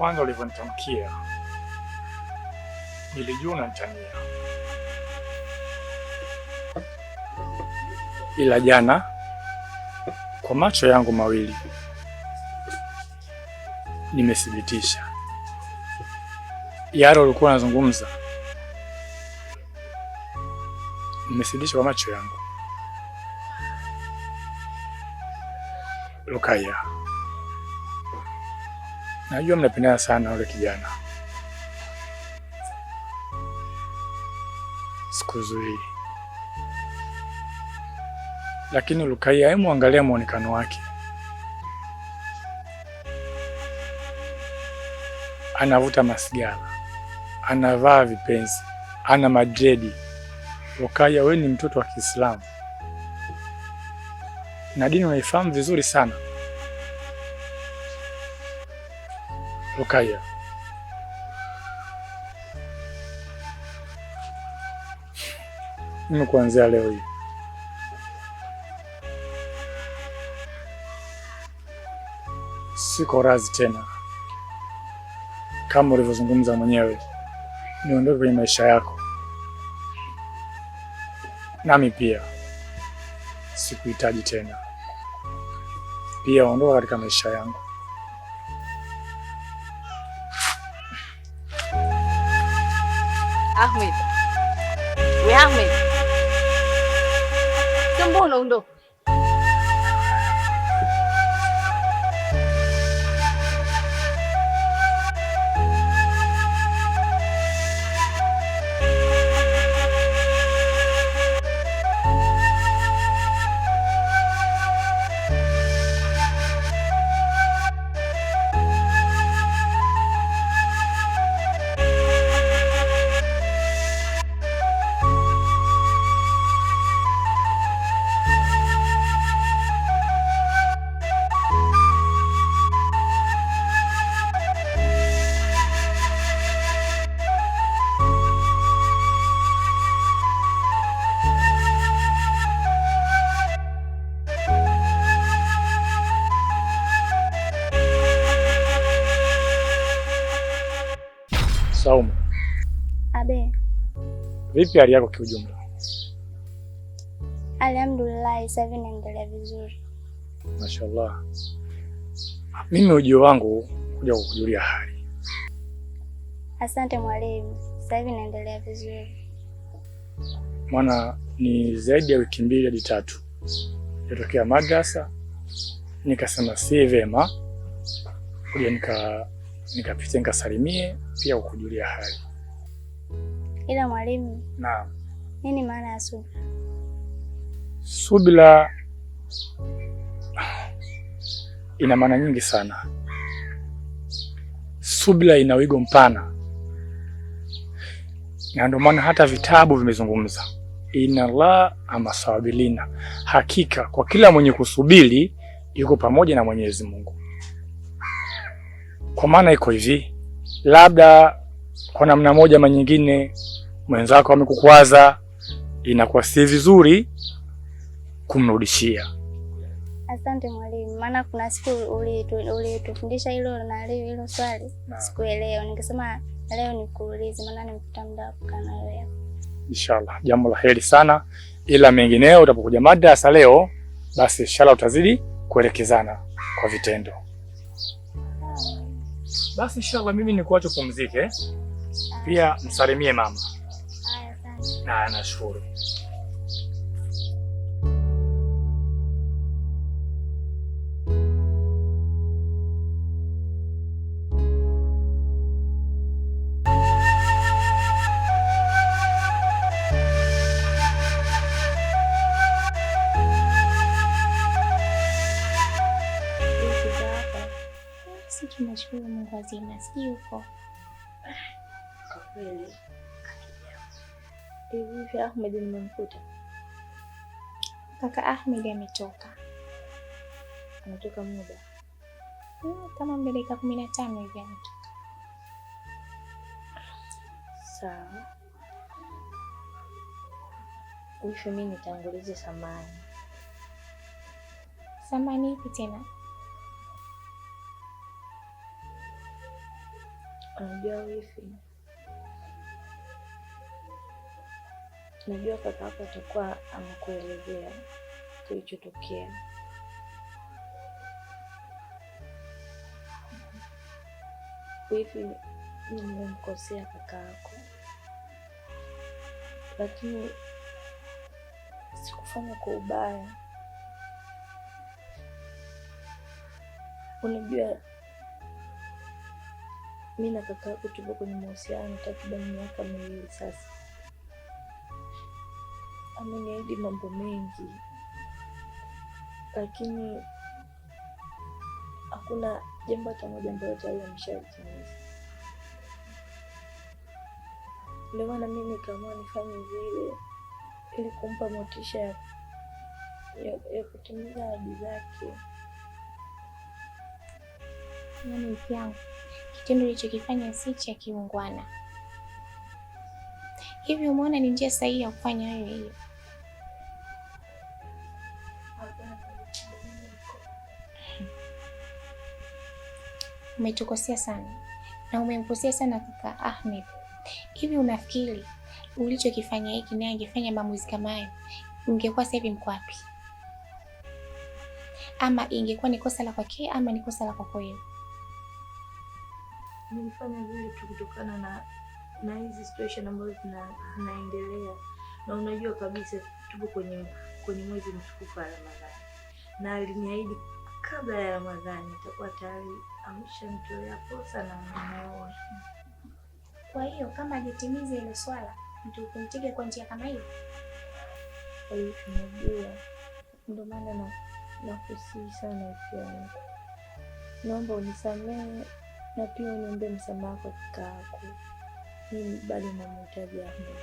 kwanza ulivyonitamkia nilijua unanitania, ila jana kwa macho yangu mawili nimethibitisha yale ulikuwa unazungumza. Nimethibitisha kwa macho yangu Lukaya. Najua mnapendana sana ule kijana. Sikuzuii, lakini Lukaia, hemu angalia muonekano wake, anavuta masigara, anavaa vipenzi, ana madredi. Lukaia, wewe ni mtoto wa Kiislamu na dini unaifahamu vizuri sana. No Mimi kuanzia leo hii siko razi tena, kama ulivyozungumza mwenyewe, niondoke kwenye maisha yako. Nami pia sikuhitaji tena, pia ondoka katika maisha yangu. Ahmed, we Ahmed, mbona unaondoka? Vipi hali yako kiujumla? Alhamdulillah, sasa hivi naendelea vizuri. Mashaallah. Mimi ujio wangu kuja kukujulia hali. Asante mwalimu, sasa hivi naendelea vizuri. mwana ni zaidi ya wiki mbili hadi tatu nitokea madrasa, nikasema si vema kuja nikapita nikasalimie pia kukujulia hali Ila mwalimu, naam, nini maana ya subira? Subira ina maana nyingi sana. Subira ina wigo mpana, na ndio maana hata vitabu vimezungumza inna Allaha amasawabilina, hakika kwa kila mwenye kusubiri yuko pamoja na Mwenyezi Mungu. Kwa maana iko hivi, labda kwa namna moja ama nyingine mwenzako amekukwaza, inakuwa si vizuri kumrudishia. Asante mwalimu, maana kuna siku ulitufundisha hilo na hilo swali sikuelewa, nikasema leo nikuulize, maana nimepata muda wa kukaa na wewe. Inshallah, jambo la heri sana, ila mengineo utapokuja madrasa leo, basi inshallah utazidi kuelekezana kwa vitendo. Basi inshallah, mimi nikuache pumzike, pia msalimie mama. na Anasfor. mashukuru Mungu azima, sio uko kweli. Hivyo Ahmed nimemkuta. Kaka Ahmed ametoka, ametoka muda hmm, kama dakika kumi na tano hivi ametoka. Sawa, ushu, mimi nitangulize samani. Samani ipi tena? Unajua wifi Najua kaka yako atakuwa amekuelezea kilichotokea. Hivi nimemkosea kaka yako, lakini sikufanya kwa ubaya. Unajua mi na kaka yako tupo kwenye mahusiano takriban miaka miwili sasa ameniahidi mambo mengi, lakini hakuna jambo hata moja ambayo tayari ameshaitimiza. Ndio maana mimi nikaamua nifanye vile ili kumpa motisha ya, ya, ya kutimiza ahadi zake. Yaani mke wangu, kitendo ulichokifanya si cha kiungwana. hivyo umeona ni njia sahihi ya kufanya hayo hiyo? umetukosea sana na umemkosea sana kaka Ahmed. Hivi unafikiri ulichokifanya hiki naye angefanya maamuzi kama hayo, ungekuwa sasa hivi mko wapi? Ama ingekuwa ni kosa la kwake ama ni kosa la kwako wewe? Nilifanya vile tu kutokana na na hizi situation ambazo zinaendelea, na unajua kabisa tupo kwenye kwenye mwezi mtukufu wa Ramadhani, na aliniahidi kabla ya Ramadhani atakuwa tayari amshamtolea posa na mumeoa. Kwa hiyo kama ajitimize ile swala, mtu kumtiga kwa njia kama hiyo, tunajua ndio maana na nakusii sana ukiona, naomba unisamehe na pia uniombe msamaha kwa kakaako. Mimi bado namhitaji Ahmed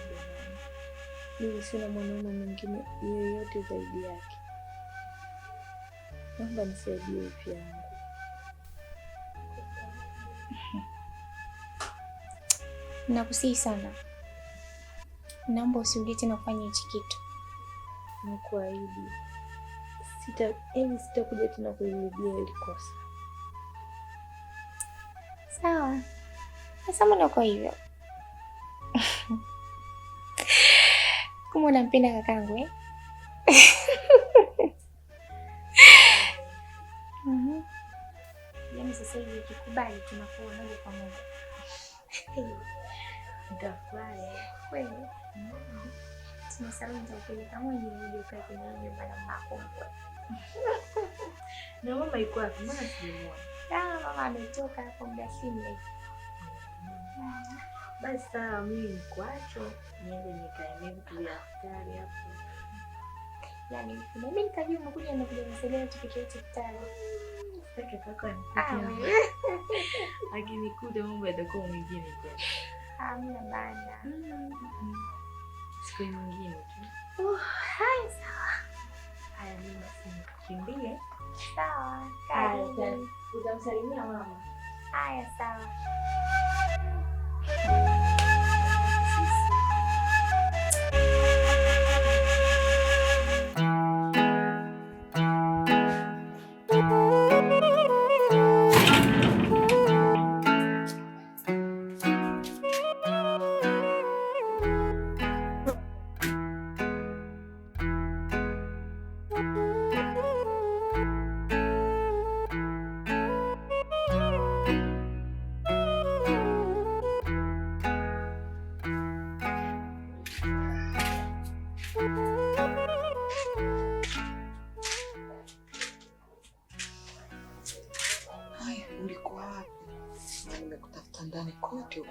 mimi sina mwanaume mwingine yeyote zaidi yake, naomba nisaidie pia. Nakusihi sana, naomba usirudie tena kufanya hichi kitu. Nikuahidi sita, yaani sitakuja tena kuirudia ile kosa. Sawa, nasamana kwa hivyo kama unampenda kakangu eh? sasa hivi ukikubali, tunakuwa moja kwa moja. Nitafurahi kweli. Tunasema nitakupeleka mwenyewe uje ukae kwenye nyumba ya mama na mama iko wapi? Mbona simuoni? Ah, mama ametoka hapo muda si mrefu. Mm-hmm. Basi sawa, mimi nikuacho niende nikaemee vitu vya daftari hapo. Yaani, mimi nikajua umekuja na kuja nisaidie tupike iftari akinikuta ah, mambo yatakuwa mwingine mm-hmm. siku nyingine tu. Uh, Kimbie utamsalimia mama. Haya, sawa.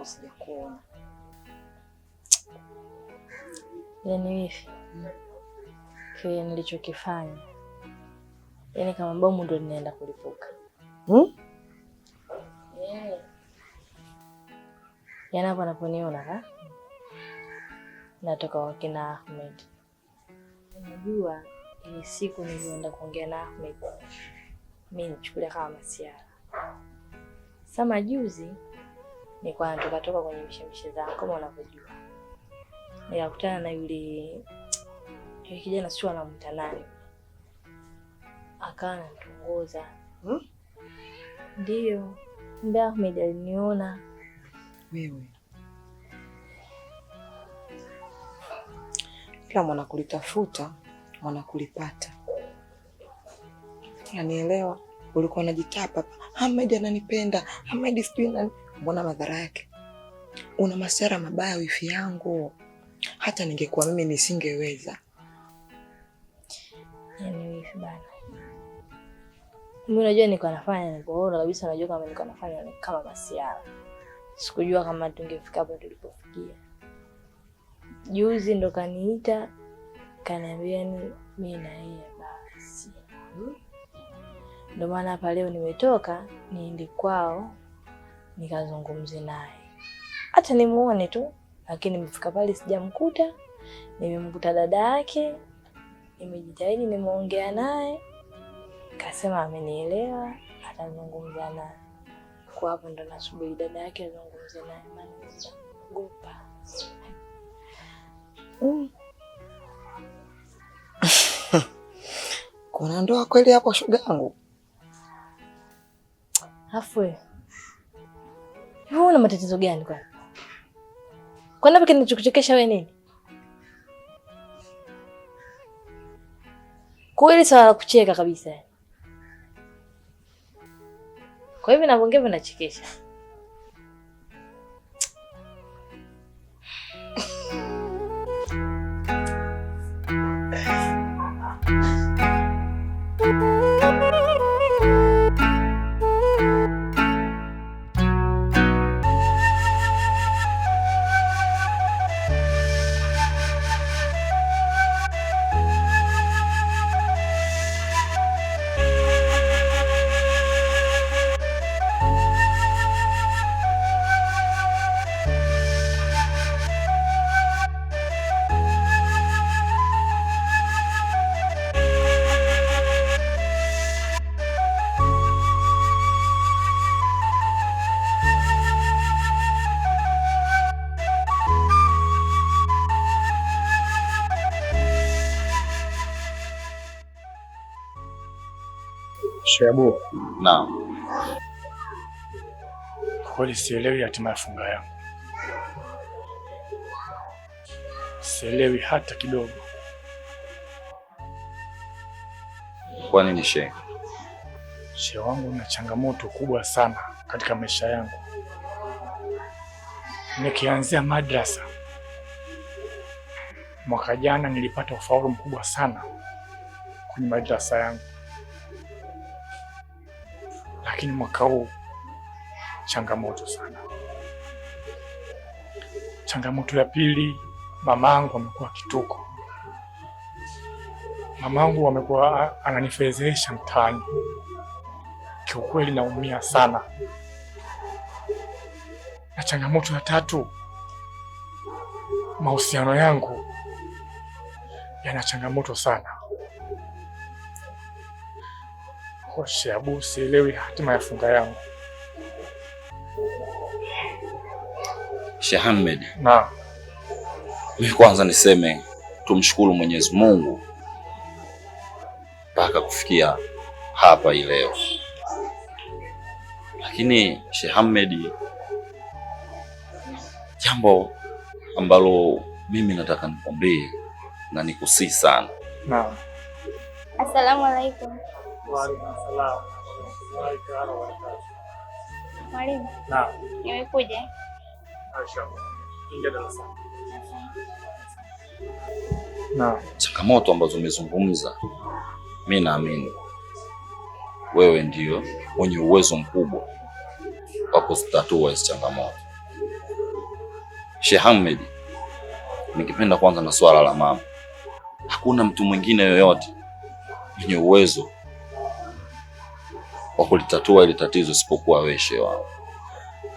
sijakuona. Yaani hivi kile nilichokifanya, yaani kama bomu ndo linaenda kulipuka hmm? Yeah. Yaani, yaani hapa naponiona natoka wakina Ahmed. Unajua ile siku nilienda kuongea na Ahmed, mimi nichukulia kama masiara. Sama juzi ni natoka toka kwenye mishemishe zangu kama unavyojua, nikakutana na yule yule kijana, sio anamwita nani, akawa anatongoza hmm? Ndio mbe Ahmed aliniona wewe kila mwana kulitafuta mwana kulipata, nanielewa. Ulikuwa unajitapa hapa, Ahmed ananipenda, Ahmed sijui nani mbona madhara yake? Una masiara mabaya wifi yangu, hata ningekuwa mimi nisingeweza. Yaani mimi unajua niko nafanya nikoona kabisa, unajua kama niko nafanya ni kama masiara. Sikujua kama tungefika hapo tulipofikia. Juzi ndo kaniita kaniambia ni mimi na yeye basi, hmm? ndo maana hapa leo nimetoka niende kwao nikazungumze naye hata nimuone tu, lakini mfika pale sijamkuta. Nimemkuta dada yake, nimejitahidi, nimeongea naye, kasema amenielewa, atazungumza naye. Kwa hapo ndo nasubiri dada yake azungumze naye, maana gopa mm. kuna ndoa kweli hapo shogangu? Afu huna una matatizo gani kwani? Kwa nini kinachokuchekesha wewe nini? Kweli sawa la kucheka kabisa. Kwa hivyo navyoongea vinachekesha. Shabu. Naam. Kweli sielewi hatima ya funga yangu, sielewi hata kidogo. Kwa nini shehe? Shehe wangu, na changamoto kubwa sana katika maisha yangu, nikianzia madrasa mwaka jana nilipata ufaulu mkubwa sana kwenye madrasa yangu lakini mwaka huu changamoto sana. Changamoto ya pili, mamangu amekuwa kituko. Mamangu amekuwa ananifezesha mtaani. Kiukweli naumia sana. Na changamoto ya tatu, mahusiano yangu yana changamoto sana. Akoshe Abu, sielewi hatima ya funga yangu. Sheikh Ahmed. Naam. Mimi kwanza niseme tumshukuru Mwenyezi Mungu mpaka kufikia hapa hii leo, lakini Sheikh Ahmed, jambo ambalo mimi nataka nikwambie na nikusii sana. Naam. Asalamu alaykum. Waalaikum Mwalimu, nimekuja. Ingia changamoto ambazo umezungumza, mi naamini wewe ndio mwenye uwezo mkubwa wa kuzitatua hizi changamoto. Sheikh Ahmed, nikipenda kwanza na swala la mama, hakuna mtu mwingine yoyote mwenye uwezo wa kulitatua ile tatizo isipokuwa wewe shehe wangu.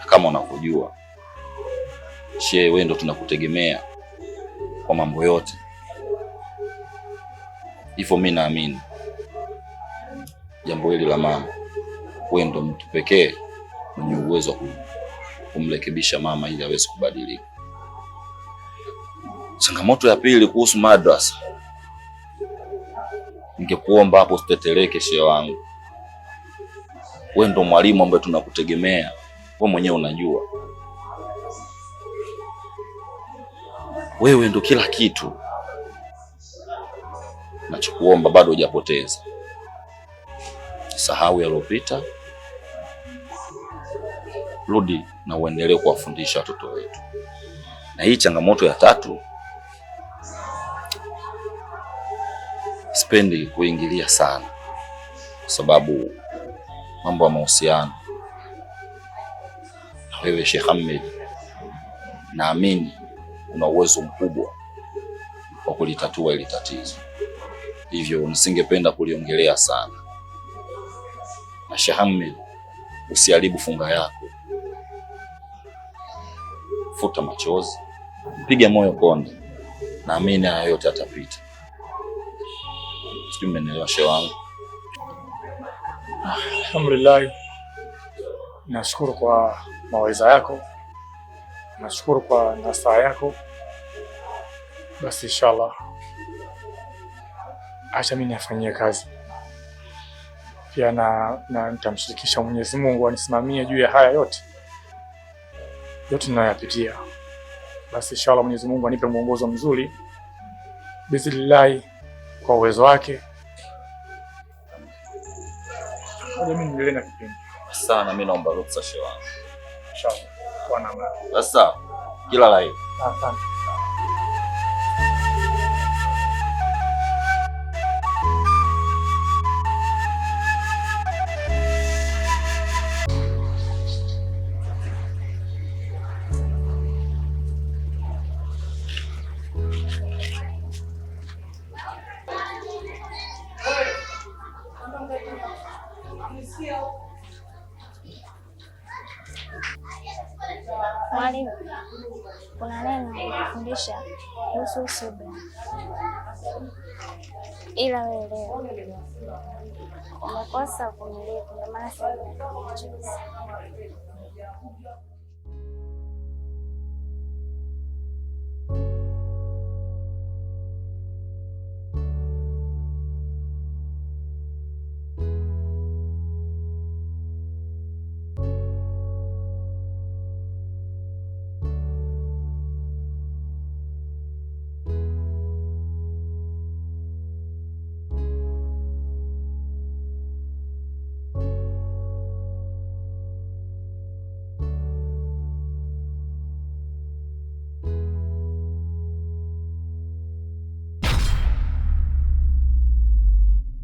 Kama unavyojua shehe, wewe ndo tunakutegemea kwa mambo yote, hivyo mi naamini jambo hili la mama, wewe ndo mtu pekee mwenye uwezo wa kumrekebisha mama ili aweze kubadilika. Changamoto ya pili kuhusu madrasa, ningekuomba hapo usiteteleke shehe wangu we ndo mwalimu ambaye tunakutegemea, we mwenyewe unajua, wewe ndo kila kitu. Nachokuomba, bado hujapoteza, sahau yaliyopita, rudi na uendelee kuwafundisha watoto wetu. Na hii changamoto ya tatu, sipendi kuingilia sana, kwa sababu mambo ya mahusiano. Wewe Sheikh Ahmed, naamini una uwezo mkubwa wa kulitatua hili tatizo, hivyo nisingependa kuliongelea sana. Na Sheikh Ahmed, usiharibu funga yako, futa machozi, piga moyo konde, naamini haya yote atapita. Sijui mmenielewa shehe wangu. Alhamdulillah, nashukuru kwa mawaidha yako, nashukuru kwa nasaha yako. Basi inshallah, acha mimi nifanyie kazi pia na, na nitamshirikisha Mwenyezi Mungu anisimamie juu ya haya yote yote ninayoyapitia. Basi inshallah, Mwenyezi Mungu anipe mwongozo mzuri bismillah, kwa uwezo wake niendelee na kipindi sana. Mimi naomba ruhusa shehe wangu. Sasa kila la heri. Asante. umekosa uvumilivu, ndio maana sasa